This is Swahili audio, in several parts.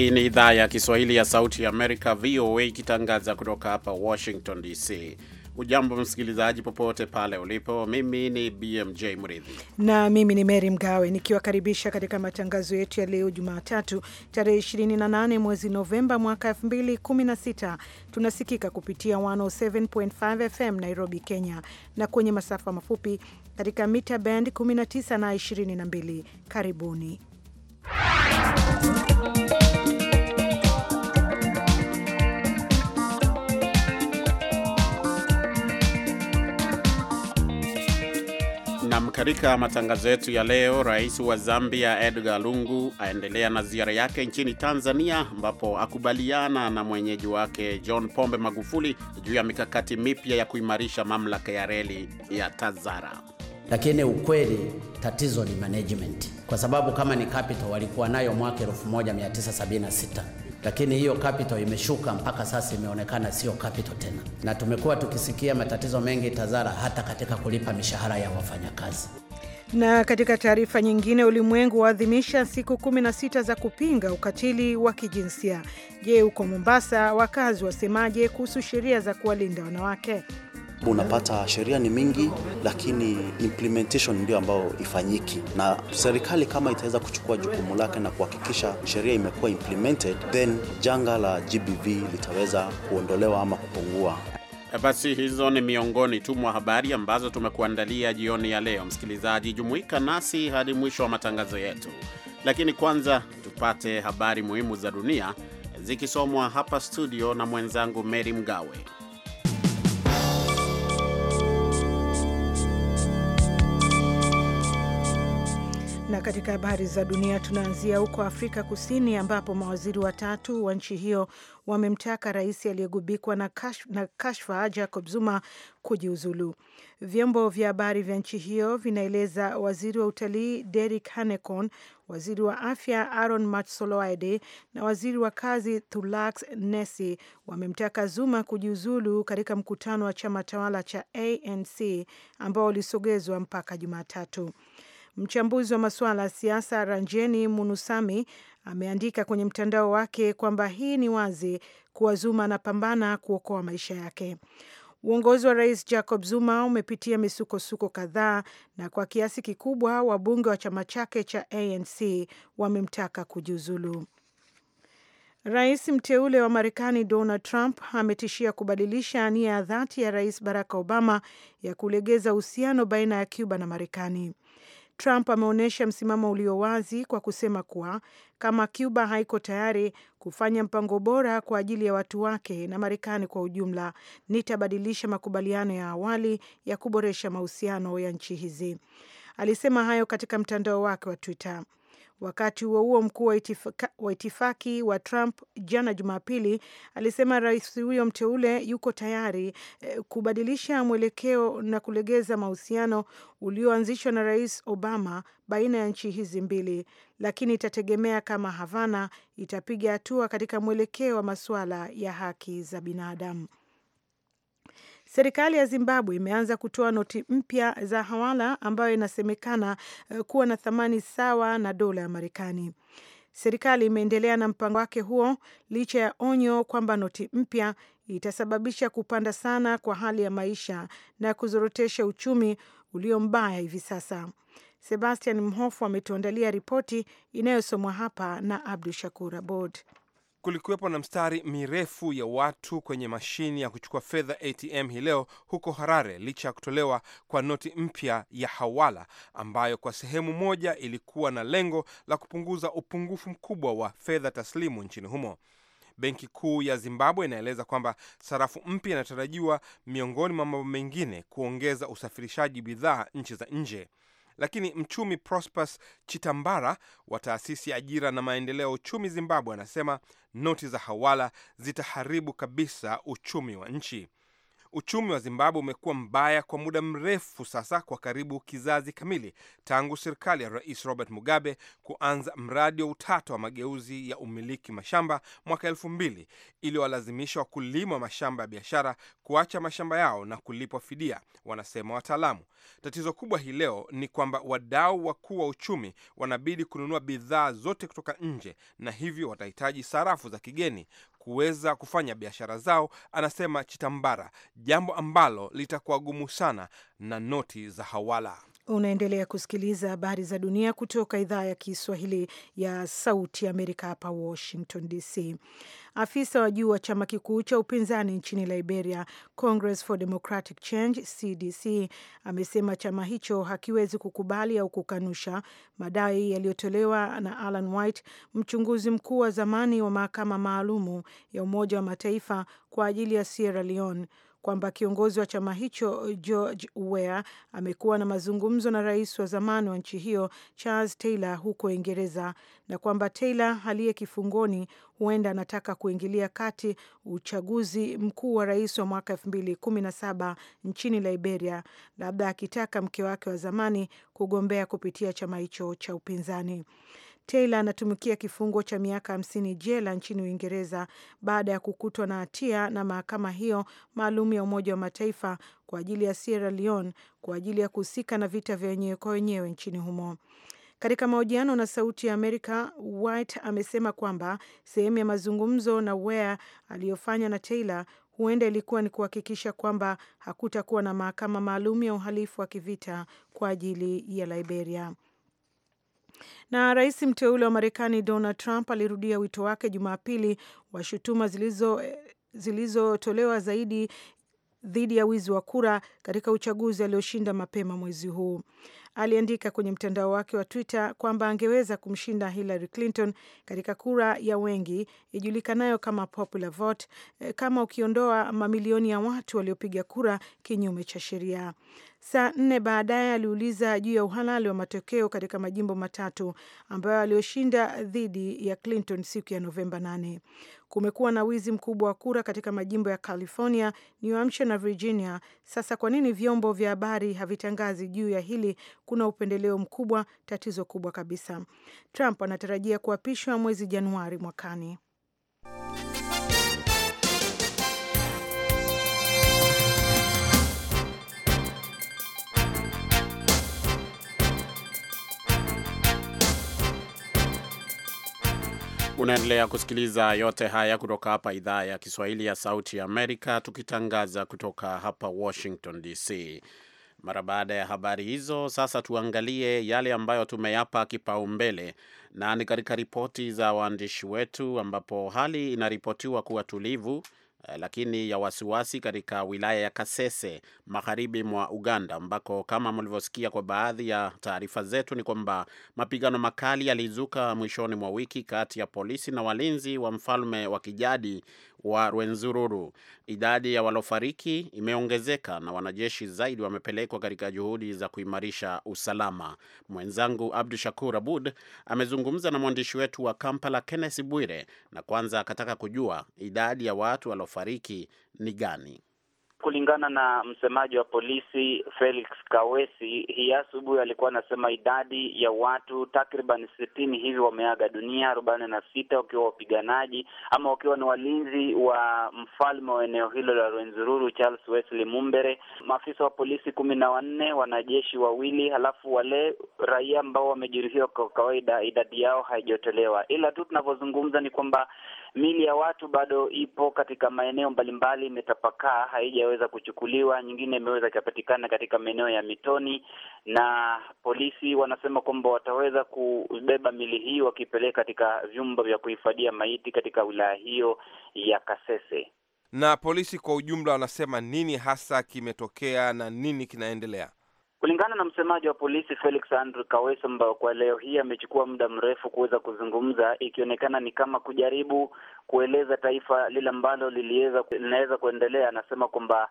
Hii ni idhaa ya Kiswahili ya Sauti ya Amerika, VOA, ikitangaza kutoka hapa Washington DC. Ujambo msikilizaji, popote pale ulipo. Mimi ni BMJ Mridhi na mimi ni Mary Mgawe nikiwakaribisha katika matangazo yetu ya leo Jumatatu tarehe 28 mwezi Novemba mwaka 2016. Tunasikika kupitia 107.5 FM Nairobi, Kenya, na kwenye masafa mafupi katika mita band 19 na 22. Karibuni Katika matangazo yetu ya leo, rais wa Zambia Edgar Lungu aendelea na ziara yake nchini Tanzania, ambapo akubaliana na mwenyeji wake John Pombe Magufuli juu ya mikakati mipya ya kuimarisha mamlaka ya reli ya TAZARA. Lakini ukweli tatizo ni management, kwa sababu kama ni capital walikuwa nayo mwaka 1976 lakini hiyo capital imeshuka mpaka sasa imeonekana sio capital tena, na tumekuwa tukisikia matatizo mengi TAZARA hata katika kulipa mishahara ya wafanyakazi. Na katika taarifa nyingine, ulimwengu waadhimisha siku 16 za kupinga ukatili wa kijinsia. Je, huko Mombasa wakazi wasemaje kuhusu sheria za kuwalinda wanawake? Unapata sheria ni mingi, lakini implementation ndio ambayo ifanyiki, na serikali kama itaweza kuchukua jukumu lake na kuhakikisha sheria imekuwa implemented, then janga la GBV litaweza kuondolewa ama kupungua. E, basi hizo ni miongoni tu mwa habari ambazo tumekuandalia jioni ya leo. Msikilizaji, jumuika nasi hadi mwisho wa matangazo yetu, lakini kwanza tupate habari muhimu za dunia zikisomwa hapa studio na mwenzangu Mary Mgawe. Na katika habari za dunia tunaanzia huko Afrika Kusini ambapo mawaziri watatu wa nchi hiyo wamemtaka rais aliyegubikwa na, kashfa Jacob Zuma kujiuzulu. Vyombo vya habari vya nchi hiyo vinaeleza waziri wa utalii derik Hanekon, waziri wa afya Aaron Matsoloide na waziri wa kazi Thulax Nesi wamemtaka Zuma kujiuzulu katika mkutano wa chama tawala cha ANC ambao ulisogezwa mpaka Jumatatu. Mchambuzi wa masuala ya siasa Ranjeni Munusami ameandika kwenye mtandao wake kwamba hii ni wazi kuwa Zuma anapambana kuokoa maisha yake. Uongozi wa Rais Jacob Zuma umepitia misukosuko kadhaa, na kwa kiasi kikubwa wabunge wa chama chake cha ANC wamemtaka kujiuzulu. Rais mteule wa Marekani Donald Trump ametishia kubadilisha nia ya dhati ya Rais Barack Obama ya kulegeza uhusiano baina ya Cuba na Marekani. Trump ameonyesha msimamo ulio wazi kwa kusema kuwa kama Cuba haiko tayari kufanya mpango bora kwa ajili ya watu wake na Marekani kwa ujumla, nitabadilisha makubaliano ya awali ya kuboresha mahusiano ya nchi hizi. Alisema hayo katika mtandao wake wa Twitter. Wakati huo huo, mkuu wa itifaka, wa itifaki wa Trump jana Jumapili alisema rais huyo mteule yuko tayari eh, kubadilisha mwelekeo na kulegeza mahusiano ulioanzishwa na Rais Obama baina ya nchi hizi mbili, lakini itategemea kama Havana itapiga hatua katika mwelekeo wa masuala ya haki za binadamu. Serikali ya Zimbabwe imeanza kutoa noti mpya za hawala ambayo inasemekana eh, kuwa na thamani sawa na dola ya Marekani. Serikali imeendelea na mpango wake huo licha ya onyo kwamba noti mpya itasababisha kupanda sana kwa hali ya maisha na kuzorotesha uchumi ulio mbaya hivi sasa. Sebastian Mhofu ametuandalia ripoti inayosomwa hapa na Abdu Shakur Abod. Kulikuwepo na mstari mirefu ya watu kwenye mashini ya kuchukua fedha ATM hii leo huko Harare, licha ya kutolewa kwa noti mpya ya hawala ambayo kwa sehemu moja ilikuwa na lengo la kupunguza upungufu mkubwa wa fedha taslimu nchini humo. Benki Kuu ya Zimbabwe inaeleza kwamba sarafu mpya inatarajiwa, miongoni mwa mambo mengine, kuongeza usafirishaji bidhaa nchi za nje. Lakini mchumi Prosperous Chitambara wa taasisi ya ajira na maendeleo ya uchumi Zimbabwe anasema noti za hawala zitaharibu kabisa uchumi wa nchi. Uchumi wa Zimbabwe umekuwa mbaya kwa muda mrefu sasa, kwa karibu kizazi kamili, tangu serikali ya Rais Robert Mugabe kuanza mradi wa utata wa mageuzi ya umiliki mashamba mwaka elfu mbili iliyowalazimisha wakulima wa mashamba ya biashara kuacha mashamba yao na kulipwa fidia, wanasema wataalamu. Tatizo kubwa hii leo ni kwamba wadau wakuu wa uchumi wanabidi kununua bidhaa zote kutoka nje, na hivyo watahitaji sarafu za kigeni kuweza kufanya biashara zao, anasema Chitambara, jambo ambalo litakuwa gumu sana na noti za hawala. Unaendelea kusikiliza habari za dunia kutoka idhaa ya Kiswahili ya Sauti Amerika, hapa Washington DC. Afisa wa juu wa chama kikuu cha upinzani nchini Liberia, Congress for Democratic Change, CDC, amesema chama hicho hakiwezi kukubali au kukanusha madai yaliyotolewa na Alan White, mchunguzi mkuu wa zamani wa mahakama maalumu ya Umoja wa Mataifa kwa ajili ya Sierra Leone kwamba kiongozi wa chama hicho George Weah amekuwa na mazungumzo na rais wa zamani wa nchi hiyo Charles Taylor huko Uingereza na kwamba Taylor aliye kifungoni huenda anataka kuingilia kati uchaguzi mkuu wa rais wa mwaka kumi saba nchini Liberia, labda akitaka mke wake wa zamani kugombea kupitia chama hicho cha upinzani. Taylor anatumikia kifungo cha miaka hamsini jela nchini Uingereza baada ya kukutwa na hatia na mahakama hiyo maalum ya Umoja wa Mataifa kwa ajili ya Sierra Leone kwa ajili ya kuhusika na vita vya wenyewe kwa wenyewe nchini humo. Katika mahojiano na Sauti ya Amerika, White amesema kwamba sehemu ya mazungumzo na Ware aliyofanya na Taylor huenda ilikuwa ni kuhakikisha kwamba hakutakuwa na mahakama maalum ya uhalifu wa kivita kwa ajili ya Liberia. Na rais mteule wa Marekani Donald Trump alirudia wito wake Jumapili wa shutuma zilizo zilizotolewa zaidi dhidi ya wizi wa kura katika uchaguzi alioshinda mapema mwezi huu aliandika kwenye mtandao wake wa Twitter kwamba angeweza kumshinda Hillary Clinton katika kura ya wengi ijulikanayo kama popular vote, eh, kama ukiondoa mamilioni ya watu waliopiga kura kinyume cha sheria. Saa nne baadaye aliuliza juu ya uhalali wa matokeo katika majimbo matatu ambayo aliyoshinda dhidi ya Clinton siku ya Novemba 8. Kumekuwa na wizi mkubwa wa kura katika majimbo ya California, New Hampshire na Virginia. Sasa kwa nini vyombo vya habari havitangazi juu ya hili kuna upendeleo mkubwa, tatizo kubwa kabisa. Trump anatarajia kuapishwa mwezi Januari mwakani. Unaendelea kusikiliza yote haya kutoka hapa idhaa ya Kiswahili ya Sauti ya Amerika, tukitangaza kutoka hapa Washington DC. Mara baada ya habari hizo, sasa tuangalie yale ambayo tumeyapa kipaumbele, na ni katika ripoti za waandishi wetu, ambapo hali inaripotiwa kuwa tulivu eh, lakini ya wasiwasi katika wilaya ya Kasese magharibi mwa Uganda, ambako kama mlivyosikia kwa baadhi ya taarifa zetu ni kwamba mapigano makali yalizuka mwishoni mwa wiki kati ya polisi na walinzi wa mfalme wa kijadi wa Rwenzururu. Idadi ya walofariki imeongezeka na wanajeshi zaidi wamepelekwa katika juhudi za kuimarisha usalama. Mwenzangu Abdu Shakur Abud amezungumza na mwandishi wetu wa Kampala, Kenneth Bwire, na kwanza akataka kujua idadi ya watu walofariki ni gani. Kulingana na msemaji wa polisi Felix Kawesi, hii asubuhi alikuwa anasema idadi ya watu takriban sitini hivi wameaga dunia, arobaini na sita wakiwa wapiganaji ama wakiwa ni walinzi wa mfalme wa eneo hilo la Rwenzururu Charles Wesley Mumbere, maafisa wa polisi kumi na wanne, wanajeshi wawili, halafu wale raia ambao wamejeruhiwa kwa kawaida idadi yao haijotolewa ila tu tunavyozungumza ni kwamba mili ya watu bado ipo katika maeneo mbalimbali, imetapakaa haija hazijaweza kuchukuliwa, nyingine imeweza ikapatikana katika maeneo ya mitoni, na polisi wanasema kwamba wataweza kubeba mili hii wakipeleka katika vyumba vya kuhifadhia maiti katika wilaya hiyo ya Kasese. Na polisi kwa ujumla wanasema nini hasa kimetokea na nini kinaendelea? Kulingana na msemaji wa polisi Felix Andrew Kaweso, ambayo kwa leo hii amechukua muda mrefu kuweza kuzungumza, ikionekana ni kama kujaribu kueleza taifa lile ambalo linaweza kuendelea, anasema kwamba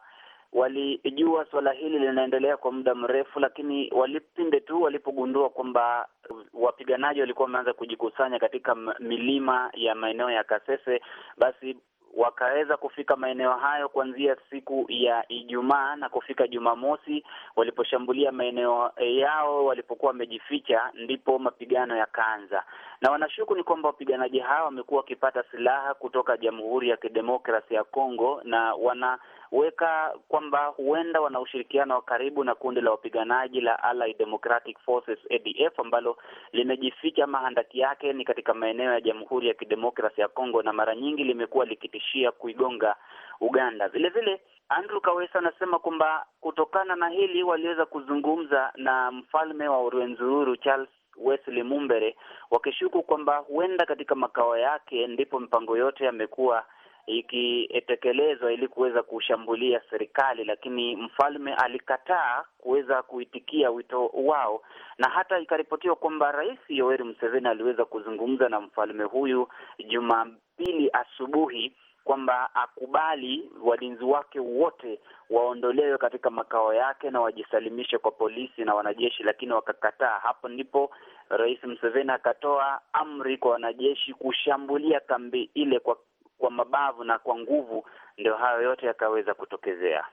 walijua suala hili linaendelea kwa muda mrefu, lakini walipinde tu walipogundua kwamba wapiganaji walikuwa wameanza kujikusanya katika milima ya maeneo ya Kasese, basi wakaweza kufika maeneo hayo kuanzia siku ya Ijumaa na kufika Jumamosi, waliposhambulia maeneo yao walipokuwa wamejificha, ndipo mapigano yakaanza, na wanashuku ni kwamba wapiganaji hao wamekuwa wakipata silaha kutoka Jamhuri ya Kidemokrasia ya Kongo na wana weka kwamba huenda wana ushirikiano wa karibu na kundi la wapiganaji la Allied Democratic Forces ADF ambalo limejificha mahandaki yake ni katika maeneo ya Jamhuri ya Kidemokrasia ya Kongo na mara nyingi limekuwa likitishia kuigonga Uganda. Vile vile Andrew Kawesa anasema kwamba kutokana na hili waliweza kuzungumza na mfalme wa Rwenzururu Charles Wesley Mumbere wakishuku kwamba huenda katika makao yake ndipo mpango yote yamekuwa ikitekelezwa ili kuweza kushambulia serikali, lakini mfalme alikataa kuweza kuitikia wito wao, na hata ikaripotiwa kwamba Rais Yoweri Museveni aliweza kuzungumza na mfalme huyu Jumapili asubuhi kwamba akubali walinzi wake wote waondolewe katika makao yake na wajisalimishe kwa polisi na wanajeshi, lakini wakakataa. Hapo ndipo Rais Museveni akatoa amri kwa wanajeshi kushambulia kambi ile kwa kwa mabavu na kwa nguvu, ndio hayo yote yakaweza kutokezea.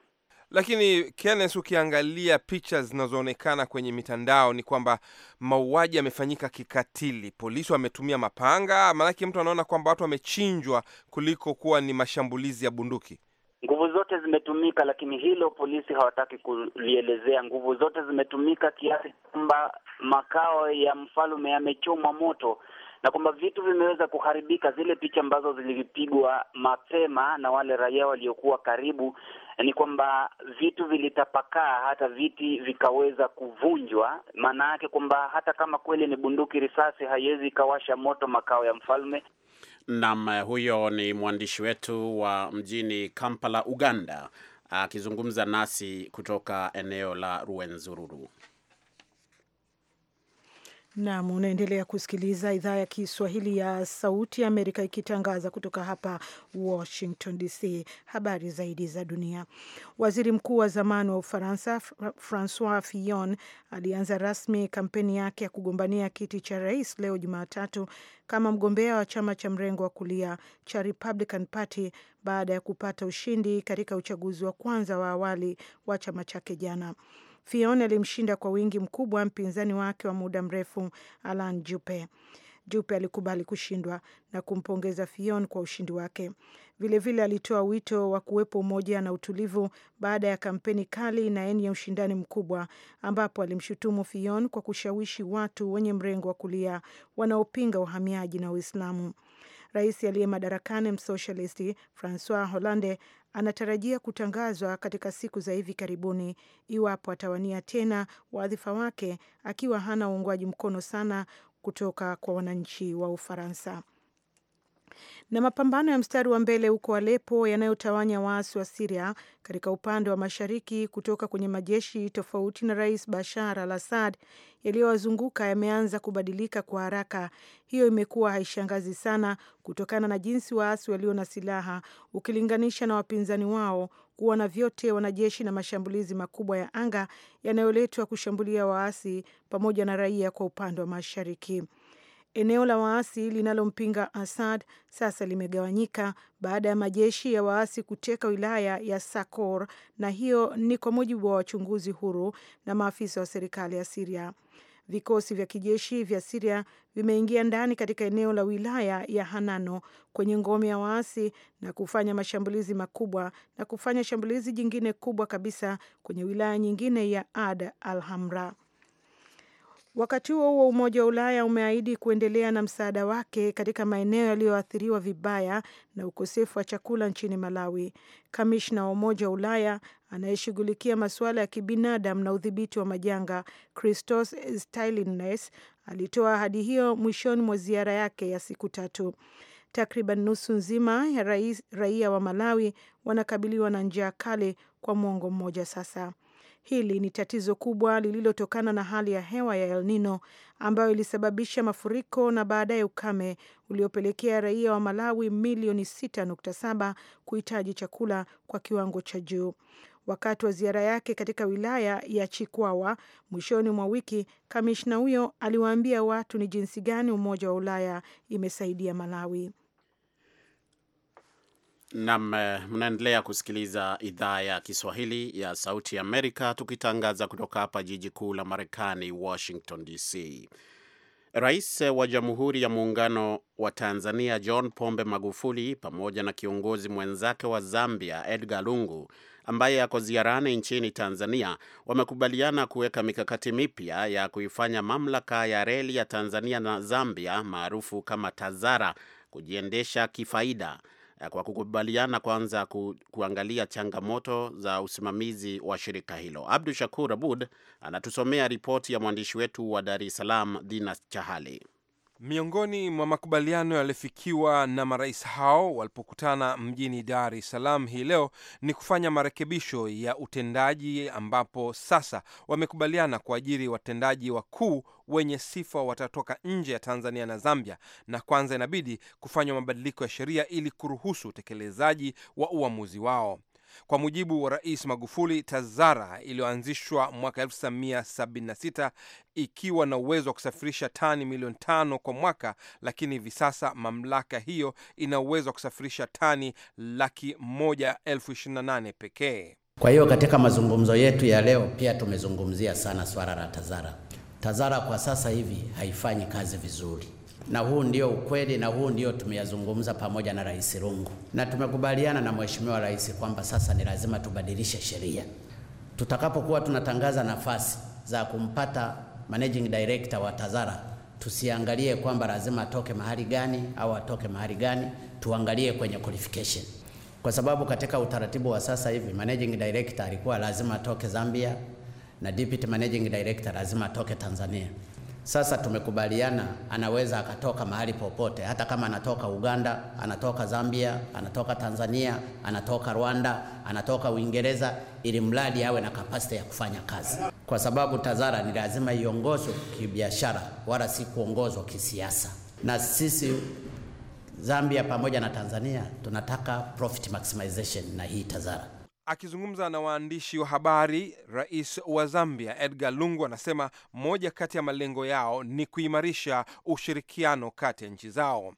Lakini Kenneth, ukiangalia picha zinazoonekana kwenye mitandao ni kwamba mauaji yamefanyika kikatili, polisi wametumia mapanga, maanake mtu anaona kwamba watu wamechinjwa kuliko kuwa ni mashambulizi ya bunduki. Nguvu zote zimetumika, lakini hilo polisi hawataki kulielezea. Nguvu zote zimetumika kiasi kwamba makao ya mfalme yamechomwa moto na kwamba vitu vimeweza kuharibika, zile picha ambazo zilipigwa mapema na wale raia waliokuwa karibu ni kwamba vitu vilitapakaa, hata viti vikaweza kuvunjwa. Maana yake kwamba hata kama kweli ni bunduki, risasi haiwezi ikawasha moto makao ya mfalme. Naam, huyo ni mwandishi wetu wa mjini Kampala, Uganda, akizungumza nasi kutoka eneo la ruenzururu Nam, unaendelea kusikiliza idhaa ya Kiswahili ya Sauti ya Amerika ikitangaza kutoka hapa Washington DC. Habari zaidi za dunia. Waziri mkuu wa zamani wa Ufaransa Francois Fillon alianza rasmi kampeni yake ya kugombania kiti cha rais leo Jumatatu kama mgombea wa chama cha mrengo wa kulia cha Republican Party baada ya kupata ushindi katika uchaguzi wa kwanza wa awali wa chama chake jana. Fion alimshinda kwa wingi mkubwa mpinzani wake wa muda mrefu Alan Jupe. Jupe alikubali kushindwa na kumpongeza Fion kwa ushindi wake. Vilevile vile alitoa wito wa kuwepo umoja na utulivu baada ya kampeni kali na yenye ushindani mkubwa, ambapo alimshutumu Fion kwa kushawishi watu wenye mrengo wa kulia wanaopinga uhamiaji na Uislamu. Rais aliye madarakani msocialisti Francois Hollande anatarajia kutangazwa katika siku za hivi karibuni iwapo atawania tena wadhifa wake akiwa hana uungwaji mkono sana kutoka kwa wananchi wa Ufaransa. Na mapambano ya mstari wa mbele huko Alepo yanayotawanya waasi wa Siria katika upande wa mashariki kutoka kwenye majeshi tofauti na Rais Bashar al Assad yaliyowazunguka yameanza kubadilika kwa haraka. Hiyo imekuwa haishangazi sana kutokana na jinsi waasi walio na silaha ukilinganisha na wapinzani wao kuwa na vyote wanajeshi na mashambulizi makubwa ya anga yanayoletwa kushambulia waasi pamoja na raia kwa upande wa mashariki. Eneo la waasi linalompinga Assad sasa limegawanyika baada ya majeshi ya waasi kuteka wilaya ya Sakor, na hiyo ni kwa mujibu wa wachunguzi huru na maafisa wa serikali ya Siria. Vikosi vya kijeshi vya Siria vimeingia ndani katika eneo la wilaya ya Hanano kwenye ngome ya waasi na kufanya mashambulizi makubwa na kufanya shambulizi jingine kubwa kabisa kwenye wilaya nyingine ya Ad al Hamra. Wakati huo huo, Umoja wa Ulaya umeahidi kuendelea na msaada wake katika maeneo yaliyoathiriwa vibaya na ukosefu wa chakula nchini Malawi. Kamishna wa Umoja wa Ulaya anayeshughulikia masuala ya kibinadamu na udhibiti wa majanga Christos Stylianides alitoa ahadi hiyo mwishoni mwa ziara yake ya siku tatu. Takriban nusu nzima ya raia wa Malawi wanakabiliwa na njaa kali kwa mwongo mmoja sasa. Hili ni tatizo kubwa lililotokana na hali ya hewa ya El Nino ambayo ilisababisha mafuriko na baadaye ukame uliopelekea raia wa Malawi milioni 6.7 kuhitaji chakula kwa kiwango cha juu. Wakati wa ziara yake katika wilaya ya Chikwawa mwishoni mwa wiki, kamishna huyo aliwaambia watu ni jinsi gani Umoja wa Ulaya imesaidia Malawi. Nam, eh, mnaendelea kusikiliza idhaa ya Kiswahili ya Sauti ya Amerika, tukitangaza kutoka hapa jiji kuu la Marekani, Washington DC. Rais wa Jamhuri ya Muungano wa Tanzania John Pombe Magufuli pamoja na kiongozi mwenzake wa Zambia Edgar Lungu ambaye ako ziarani nchini Tanzania wamekubaliana kuweka mikakati mipya ya kuifanya mamlaka ya reli ya Tanzania na Zambia maarufu kama TAZARA kujiendesha kifaida Eh, kwa kukubaliana kwanza ku, kuangalia changamoto za usimamizi wa shirika hilo. Abdu Shakur Abud anatusomea ripoti ya mwandishi wetu wa Dar es Salaam, Dina Chahali. Miongoni mwa makubaliano yaliyofikiwa na marais hao walipokutana mjini Dar es Salaam hii leo ni kufanya marekebisho ya utendaji ambapo sasa wamekubaliana kuajiri watendaji wakuu wenye sifa watatoka nje ya Tanzania na Zambia, na kwanza inabidi kufanywa mabadiliko ya sheria ili kuruhusu utekelezaji wa uamuzi wao. Kwa mujibu wa Rais Magufuli, TAZARA iliyoanzishwa mwaka 1976 ikiwa na uwezo wa kusafirisha tani milioni tano kwa mwaka, lakini hivi sasa mamlaka hiyo ina uwezo wa kusafirisha tani laki moja elfu ishirini na nane pekee. Kwa hiyo katika mazungumzo yetu ya leo pia tumezungumzia sana swala la TAZARA. TAZARA kwa sasa hivi haifanyi kazi vizuri na huu ndio ukweli, na huu ndio tumeyazungumza pamoja na Rais Lungu, na tumekubaliana na Mheshimiwa Rais kwamba sasa ni lazima tubadilishe sheria. Tutakapokuwa tunatangaza nafasi za kumpata managing director wa Tazara, tusiangalie kwamba lazima atoke mahali gani au atoke mahali gani, tuangalie kwenye qualification, kwa sababu katika utaratibu wa sasa hivi managing director alikuwa lazima atoke Zambia na deputy managing director lazima atoke Tanzania. Sasa tumekubaliana anaweza akatoka mahali popote, hata kama anatoka Uganda, anatoka Zambia, anatoka Tanzania, anatoka Rwanda, anatoka Uingereza, ili mradi awe na kapasiti ya kufanya kazi, kwa sababu TAZARA ni lazima iongozwe kibiashara, wala si kuongozwa kisiasa. Na sisi Zambia pamoja na Tanzania tunataka profit maximization na hii TAZARA. Akizungumza na waandishi wa habari, rais wa Zambia Edgar Lungu anasema moja kati ya malengo yao ni kuimarisha ushirikiano kati ya nchi zao.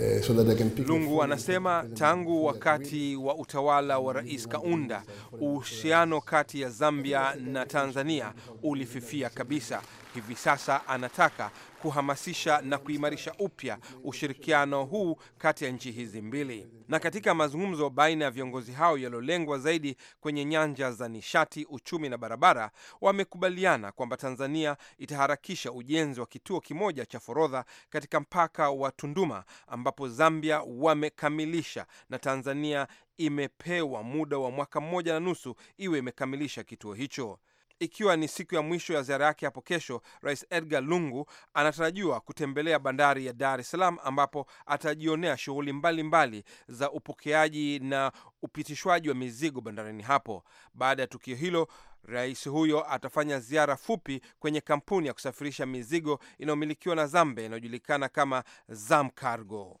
Eh, so that I can pick Lungu anasema tangu wakati wa utawala wa Rais Kaunda uhusiano kati ya Zambia na Tanzania ulififia kabisa, hivi sasa anataka kuhamasisha na kuimarisha upya ushirikiano huu kati ya nchi hizi mbili. Na katika mazungumzo baina ya viongozi hao yaliyolengwa zaidi kwenye nyanja za nishati, uchumi na barabara, wamekubaliana kwamba Tanzania itaharakisha ujenzi wa kituo kimoja cha forodha katika mpaka wa Tunduma ambapo Zambia wamekamilisha na Tanzania imepewa muda wa mwaka mmoja na nusu iwe imekamilisha kituo hicho ikiwa ni siku ya mwisho ya ziara yake hapo kesho. Rais Edgar Lungu anatarajiwa kutembelea bandari ya Dar es Salaam ambapo atajionea shughuli mbalimbali za upokeaji na upitishwaji wa mizigo bandarini hapo. Baada ya tukio hilo Rais huyo atafanya ziara fupi kwenye kampuni ya kusafirisha mizigo inayomilikiwa na Zambia inayojulikana kama Zamcargo.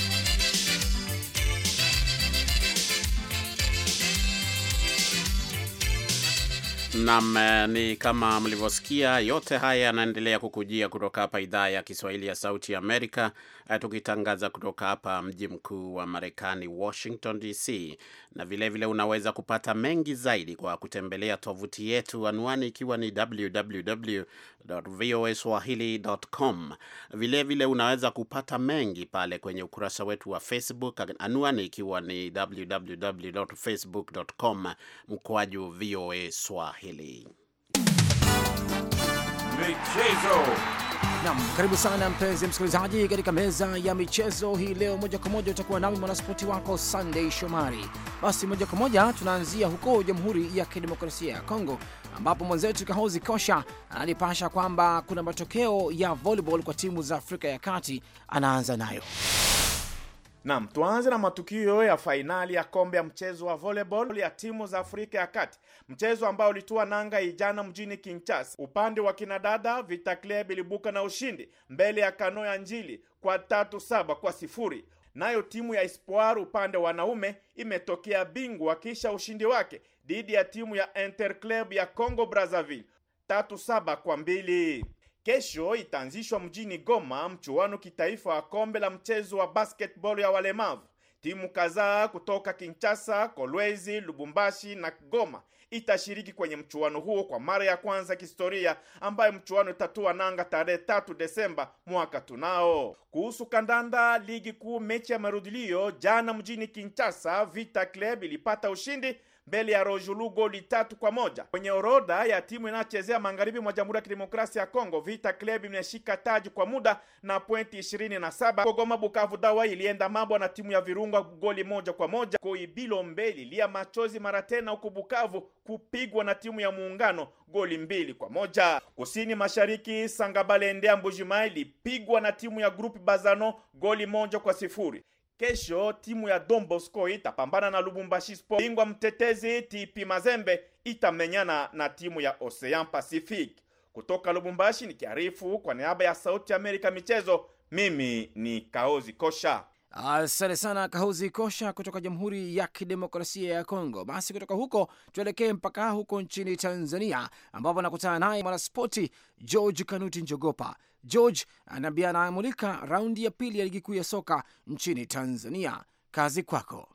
Nam eh, ni kama mlivyosikia, yote haya yanaendelea kukujia kutoka hapa idhaa ya Kiswahili ya Sauti ya Amerika, eh, tukitangaza kutoka hapa mji mkuu wa Marekani, Washington DC. Na vilevile vile unaweza kupata mengi zaidi kwa kutembelea tovuti yetu, anwani ikiwa ni www Vilevile unaweza kupata mengi pale kwenye ukurasa wetu wa Facebook, anwani ikiwa ni www.facebook.com mkoaju voa swahili. Kiswahili. Michezo. Naam, karibu sana mpenzi msikilizaji katika meza ya michezo hii leo. Moja kwa moja utakuwa nami mwanaspoti wako Sunday Shomari. Basi moja kwa moja tunaanzia huko Jamhuri ya Kidemokrasia ya Kongo ambapo mwenzetu Kahozi Kosha ananipasha kwamba kuna matokeo ya volleyball kwa timu za Afrika ya Kati, anaanza nayo. Naam, tuanze na matukio ya fainali ya kombe ya mchezo wa volleyball ya timu za Afrika ya Kati, mchezo ambao ulitua nanga ijana mjini Kinshasa. Upande wa kinadada Vita Club ilibuka na ushindi mbele ya Kano ya Njili kwa tatu saba kwa sifuri. Nayo timu ya Espoir upande wa wanaume imetokea bingwa kisha ushindi wake dhidi ya timu ya Interclub ya Congo Brazzaville tatu saba kwa mbili. Kesho itaanzishwa mjini Goma mchuano kitaifa wa kombe la mchezo wa basketball ya walemavu. Timu kadhaa kutoka Kinshasa, Kolwezi, Lubumbashi na Goma itashiriki kwenye mchuano huo kwa mara ya kwanza kihistoria, ambayo mchuano itatua nanga tarehe 3 Desemba mwaka tunao. Kuhusu kandanda ligi kuu, mechi ya marudilio jana mjini Kinshasa, Vita Club ilipata ushindi mbele ya Rojulu goli tatu kwa moja. Kwenye orodha ya timu inayochezea magharibi mwa Jamhuri ya Kidemokrasia ya Kongo, Vita Club imeshika taji kwa muda na pointi 27. Kogoma Bukavu Dawa ilienda mabwa na timu ya Virunga goli moja kwa moja. Koibilo Mbeli lia machozi mara tena huko Bukavu kupigwa na timu ya Muungano goli mbili kwa moja. Kusini Mashariki Sangabalendea Mbujimai ilipigwa na timu ya Grupi Bazano goli moja kwa sifuri. Kesho timu ya Don Bosco itapambana na Lubumbashi Sport. Bingwa mtetezi TP Mazembe itamenyana na timu ya Ocean Pacific. Kutoka Lubumbashi nikiarifu kwa niaba ya Sauti america Amerika michezo, mimi ni Kaozi Kosha. Asante sana kaozi Kosha kutoka Jamhuri ya Kidemokrasia ya Kongo. Basi kutoka huko tuelekee mpaka huko nchini Tanzania, ambapo nakutana naye mwanaspoti George Kanuti Njogopa. George anamulika raundi ya pili ya ligi kuu ya soka nchini Tanzania. Kazi kwako.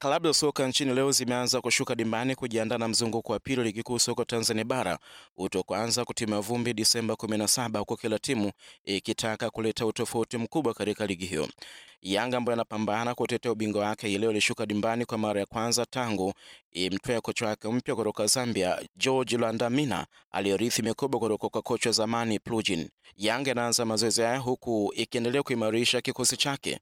Klabu za soka nchini leo zimeanza kushuka dimbani kujiandaa na mzunguko wa pili ligi kuu soka Tanzania bara utakuanza kutimia vumbi Disemba 17 huku kila timu ikitaka kuleta utofauti mkubwa katika ligi hiyo. Yanga ambayo anapambana kutetea ubingwa wake hii leo ilishuka dimbani kwa mara ya kwanza tangu imtwea kocha wake mpya kutoka Zambia George Landamina aliyorithi mikoba kutoka kwa kocha zamani Plujin. Yanga inaanza mazoezi haya huku ikiendelea kuimarisha kikosi chake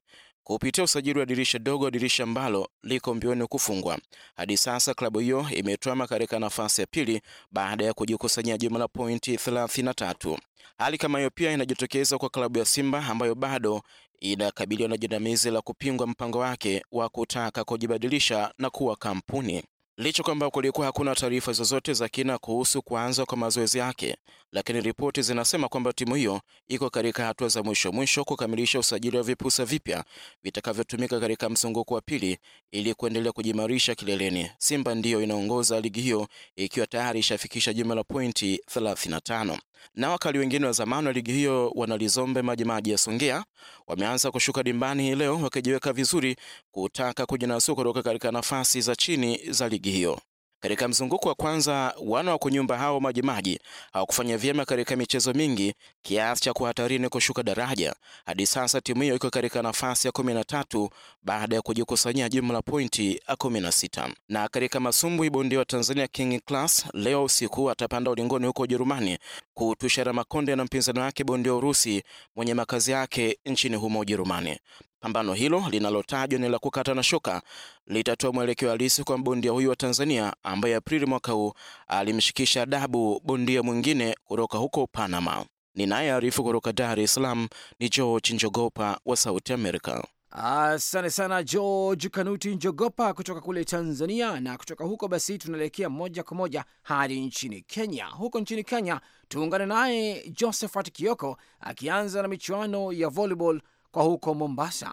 kupitia usajili wa dirisha dogo, dirisha ambalo liko mbioni kufungwa. Hadi sasa klabu hiyo imetwama katika nafasi ya pili baada ya kujikusanyia jumla pointi 33. Hali kama hiyo pia inajitokeza kwa klabu ya Simba ambayo bado inakabiliwa na jinamizi la kupingwa mpango wake wa kutaka kujibadilisha na kuwa kampuni. Licha kwamba kulikuwa hakuna taarifa zozote za kina kuhusu kuanza kwa mazoezi yake, lakini ripoti zinasema kwamba timu hiyo iko katika hatua za mwisho mwisho kukamilisha usajili wa vipusa vipya vitakavyotumika katika mzunguko wa pili ili kuendelea kujimarisha kileleni. Simba ndiyo inaongoza ligi hiyo ikiwa tayari ishafikisha jumla la pointi 35. Na wakali wengine wa zamani wa ligi hiyo wanalizombe Majimaji ya Songea wameanza kushuka dimbani leo wakijiweka vizuri kutaka kujinasua kutoka katika nafasi za chini za ligi ligi hiyo. Katika mzunguko wa kwanza, wana wa kunyumba hao Majimaji hawakufanya vyema katika michezo mingi kiasi cha kuhatarini kushuka daraja. Hadi sasa timu hiyo iko katika nafasi ya 13 baada ya kujikusanyia jumla pointi 16. Na katika masumbwi, bondia wa Tanzania King Class leo usiku atapanda ulingoni huko Ujerumani kutushara makonde na mpinzani wake bondia Urusi mwenye makazi yake nchini humo Ujerumani. Pambano hilo linalotajwa ni la kukata na shoka litatoa mwelekeo halisi kwa bondia huyu wa Tanzania ambaye Aprili mwaka huu alimshikisha adabu bondia mwingine kutoka huko Panama. arifu kutoka Dar es Salaam ni George Njogopa wa Sauti america Asante sana George Kanuti Njogopa kutoka kule Tanzania. Na kutoka huko basi, tunaelekea moja kwa moja hadi nchini Kenya. Huko nchini Kenya tuungane naye Josephat Kioko akianza na michuano ya volleyball kwa huko Mombasa.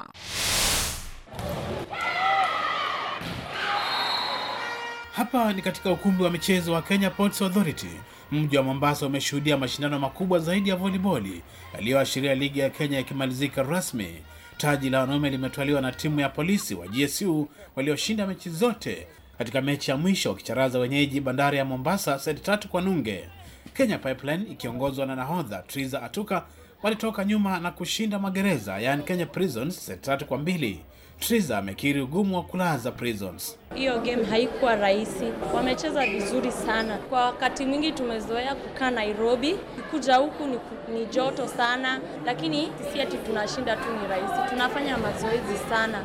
Hapa ni katika ukumbi wa michezo wa Kenya Ports Authority. Mji wa Mombasa umeshuhudia mashindano makubwa zaidi ya voliboli yaliyoashiria ligi ya Kenya ikimalizika rasmi. Taji la wanaume limetwaliwa na timu ya polisi wa GSU walioshinda mechi zote, katika mechi ya mwisho wakicharaza wenyeji bandari ya Mombasa seti tatu kwa nunge. Kenya Pipeline ikiongozwa na nahodha Triza Atuka walitoka nyuma na kushinda magereza, yan Kenya Prisons tatu kwa mbili. Triza amekiri ugumu wa kulaza prisons. Hiyo game haikuwa rahisi, wamecheza vizuri sana. Kwa wakati mwingi tumezoea kukaa Nairobi, kuja huku ni, ni joto sana, lakini sisi ati tunashinda tu ni rahisi, tunafanya mazoezi sana.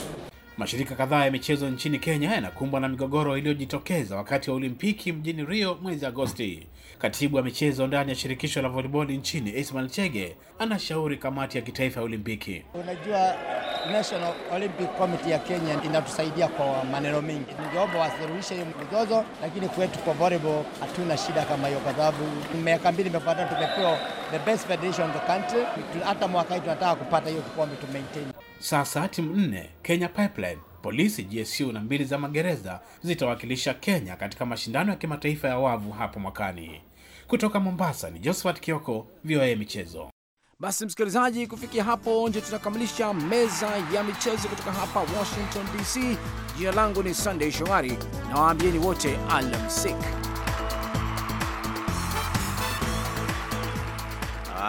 Mashirika kadhaa ya michezo nchini Kenya yanakumbwa na migogoro iliyojitokeza wakati wa Olimpiki mjini Rio mwezi Agosti. Katibu wa michezo ndani ya shirikisho la voliboli nchini, Ismail Chege, anashauri kamati ya kitaifa ya Olimpiki. Unajua, National Olympic Committee ya Kenya inatusaidia kwa maneno mengi. Ningeomba wasuluhishe hiyo mizozo, lakini kwetu kwa volleyball hatuna shida kama hiyo, kwa sababu miaka mbili imefuatana tumepewa the best federation in the country. Hata mwaka hii tunataka kupata hiyo kikombe, tumaintain sasa timu nne Kenya Pipeline, Polisi, GSU na mbili za magereza zitawakilisha Kenya katika mashindano ya kimataifa ya wavu hapo mwakani. Kutoka Mombasa ni Josephat Kioko, VOA Michezo. Basi msikilizaji, kufikia hapo ndio tunakamilisha meza ya michezo kutoka hapa Washington DC. Jina langu ni Sunday Shomari na waambieni wote alamsik.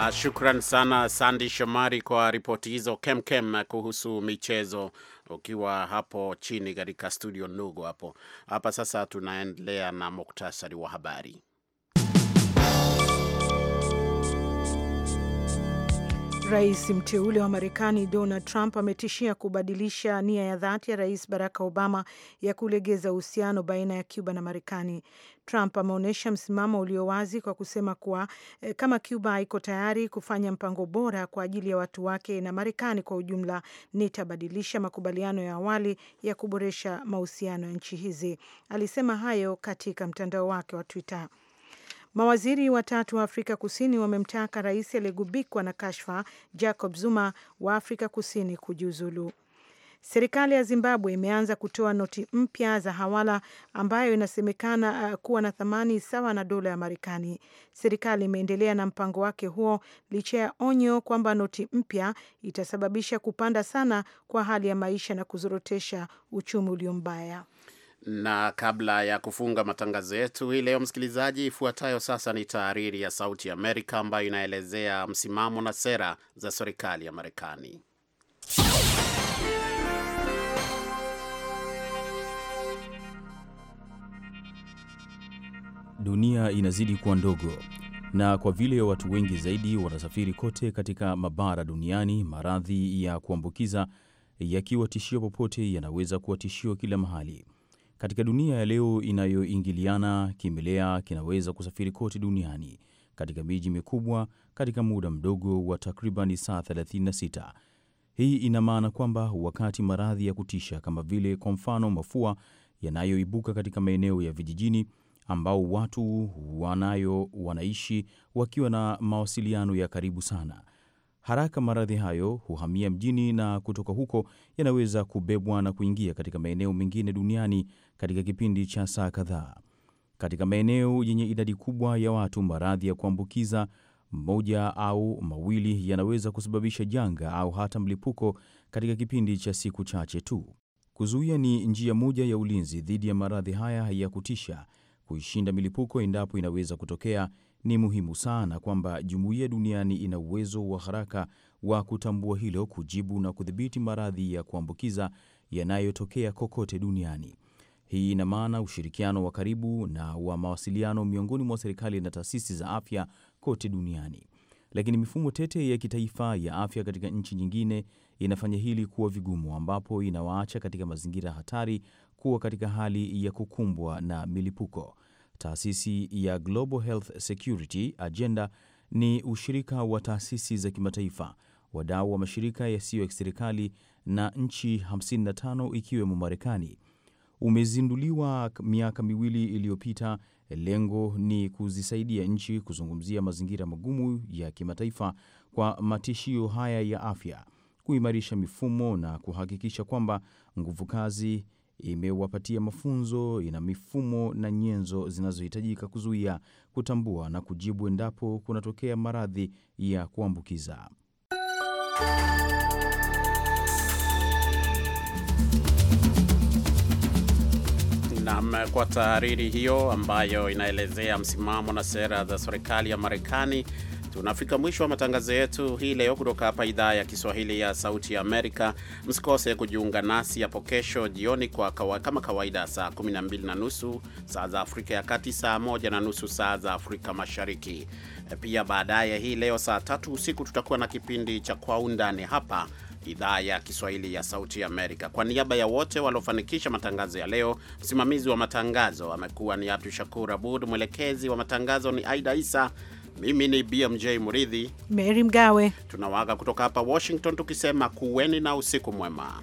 Uh, shukran sana Sandi Shomari kwa ripoti hizo kemkem kuhusu michezo ukiwa hapo chini katika studio ndogo hapo hapa. Sasa tunaendelea na muktasari wa habari. Rais mteule wa Marekani Donald Trump ametishia kubadilisha nia ya dhati ya Rais Barack Obama ya kulegeza uhusiano baina ya Cuba na Marekani. Trump ameonyesha msimamo ulio wazi kwa kusema kuwa eh, kama Cuba iko tayari kufanya mpango bora kwa ajili ya watu wake na Marekani kwa ujumla, nitabadilisha makubaliano ya awali ya kuboresha mahusiano ya nchi hizi. Alisema hayo katika mtandao wake wa Twitter. Mawaziri watatu wa Afrika Kusini wamemtaka rais aliyegubikwa na kashfa Jacob Zuma wa Afrika Kusini kujiuzulu. Serikali ya Zimbabwe imeanza kutoa noti mpya za hawala ambayo inasemekana uh, kuwa na thamani sawa na dola ya Marekani. Serikali imeendelea na mpango wake huo licha ya onyo kwamba noti mpya itasababisha kupanda sana kwa hali ya maisha na kuzorotesha uchumi ulio mbaya. Na kabla ya kufunga matangazo yetu hii leo, msikilizaji, ifuatayo sasa ni tahariri ya Sauti ya Amerika ambayo inaelezea msimamo na sera za serikali ya Marekani. dunia inazidi kuwa ndogo, na kwa vile watu wengi zaidi wanasafiri kote katika mabara duniani, maradhi ya kuambukiza yakiwa tishio popote, yanaweza kuwa tishio kila mahali. Katika dunia ya leo inayoingiliana, kimelea kinaweza kusafiri kote duniani katika miji mikubwa katika muda mdogo wa takriban saa 36. Hii ina maana kwamba wakati maradhi ya kutisha kama vile kwa mfano mafua yanayoibuka katika maeneo ya vijijini ambao watu wanayo wanaishi wakiwa na mawasiliano ya karibu sana. Haraka maradhi hayo huhamia mjini na kutoka huko yanaweza kubebwa na kuingia katika maeneo mengine duniani katika kipindi cha saa kadhaa. Katika maeneo yenye idadi kubwa ya watu, maradhi ya kuambukiza moja au mawili yanaweza kusababisha janga au hata mlipuko katika kipindi cha siku chache tu. Kuzuia ni njia moja ya ulinzi dhidi ya maradhi haya ya kutisha kuishinda milipuko endapo inaweza kutokea, ni muhimu sana kwamba jumuiya duniani ina uwezo wa haraka wa kutambua hilo, kujibu na kudhibiti maradhi ya kuambukiza yanayotokea kokote duniani. Hii ina maana ushirikiano wa karibu na wa mawasiliano miongoni mwa serikali na taasisi za afya kote duniani. Lakini mifumo tete ya kitaifa ya afya katika nchi nyingine inafanya hili kuwa vigumu, ambapo inawaacha katika mazingira hatari kuwa katika hali ya kukumbwa na milipuko. Taasisi ya Global Health Security Agenda ni ushirika wa taasisi za kimataifa, wadau wa mashirika yasiyo ya kiserikali na nchi 55 ikiwemo Marekani. Umezinduliwa miaka miwili iliyopita. Lengo ni kuzisaidia nchi kuzungumzia mazingira magumu ya kimataifa kwa matishio haya ya afya kuimarisha mifumo na kuhakikisha kwamba nguvu kazi imewapatia mafunzo ina mifumo na nyenzo zinazohitajika kuzuia, kutambua na kujibu endapo kunatokea maradhi ya kuambukiza. Nam, kwa tahariri hiyo ambayo inaelezea msimamo na sera za serikali ya Marekani Tunafika mwisho wa matangazo yetu hii leo kutoka hapa idhaa ya Kiswahili ya Sauti ya Amerika. Msikose kujiunga nasi hapo kesho jioni kwa kawa, kama kawaida saa 12 na nusu saa za Afrika ya Kati, saa 1 na nusu saa za Afrika Mashariki. E, pia baadaye hii leo saa tatu usiku tutakuwa na kipindi cha Kwa Undani hapa idhaa ya Kiswahili ya Sauti Amerika. Kwa niaba ya wote waliofanikisha matangazo ya leo, msimamizi wa matangazo amekuwa ni Abdu Shakur Abud, mwelekezi wa matangazo ni Aida Isa. Mimi ni BMJ Muridhi, Mary Mgawe, tunawaaga kutoka hapa Washington tukisema kuweni na usiku mwema.